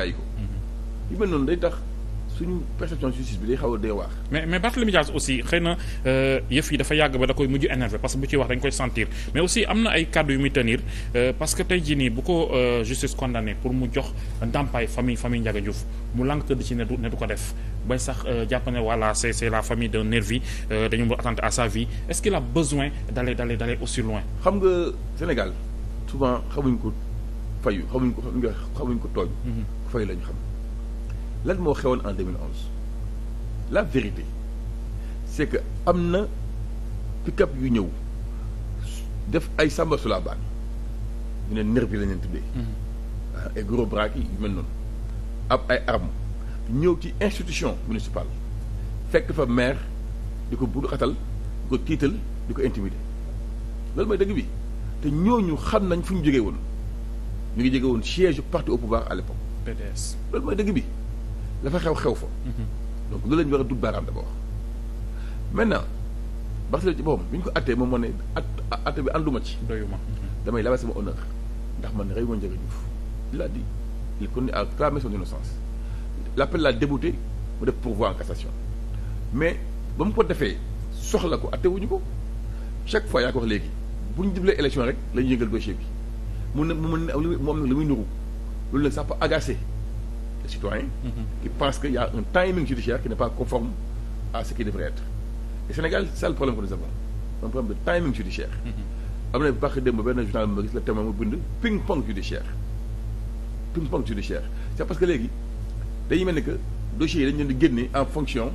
bàyyi ko. yu mel noonu day tax suñu perception justice bi day xaw dee waax. mais mais Barthélémy Dias aussi xëy na euh, yëf yi dafa yàgg ba da koy mujj énervé parce que bu ci wax dañ koy sentir mais aussi am na ay kàddu yu muy tenir euh, parce que tey jii nii bu ko euh, justice condamné pour mu jox ndàmpaay famille famille Ndiaga Diouf mu lànk tëdd ci ne du ne du ko def bay sax jàpp ne voilà la famille d'un nervi dañu mën attenter à sa vie est-ce qu'il a besoin ko fayu ko xamuñ fooy la xam lan moo xewoon en 2011 la vérité c'est que am na pick-up yu ñëw def ay sàmba sulaabaal ñu ne nerf bi la ñu leen mhm. ah, ay gros bras yi mel noonu ab ay armes ñëw ci institution municipale fekk fa maire di ko budu xatal di ko tiital di ko intimider loolu mooy dëgg bi te ñooñu xam nañ fu ñu jógee woon ñu ngi jege woon siège parti au pouvoir à l'époque PDS loolu mooy dëgg bi dafa xew xew fa. Mhm. donc loolu la ñu war a dugg baaraam d'abord maintenant Barthélémy ci boppam bi ñu ko attee moom moo ne at atte bi ànduma ci. doyuma mhm. damay laabal sama honneur ndax man rey ma Ndiaga Diouf il a dit il connaît à clamer son innocence l'appel l'a débouté mu def pourvoi en cassation mais ba mu ko defee soxla ko atte ko chaque fois yaa ko wax léegi bu ñu jublee élection rek la ñu yëngal dossier bi mu ne mu mën ne am lu muy nuru. loolu nag ça peut agacer les citoyens qui pensent qu'il a un timing judiciaire qui n'est pas conforme à ce qui devrait être Sénégal c'est problème que nous avons un problème de timing judiciaire mhm. am na baax démb benn journal ma la témoin mu bind ping pong judiciaire ping pong judiciaire c'est parce que léegi day mel ni que dossiers yi dañu leen di génne en fonction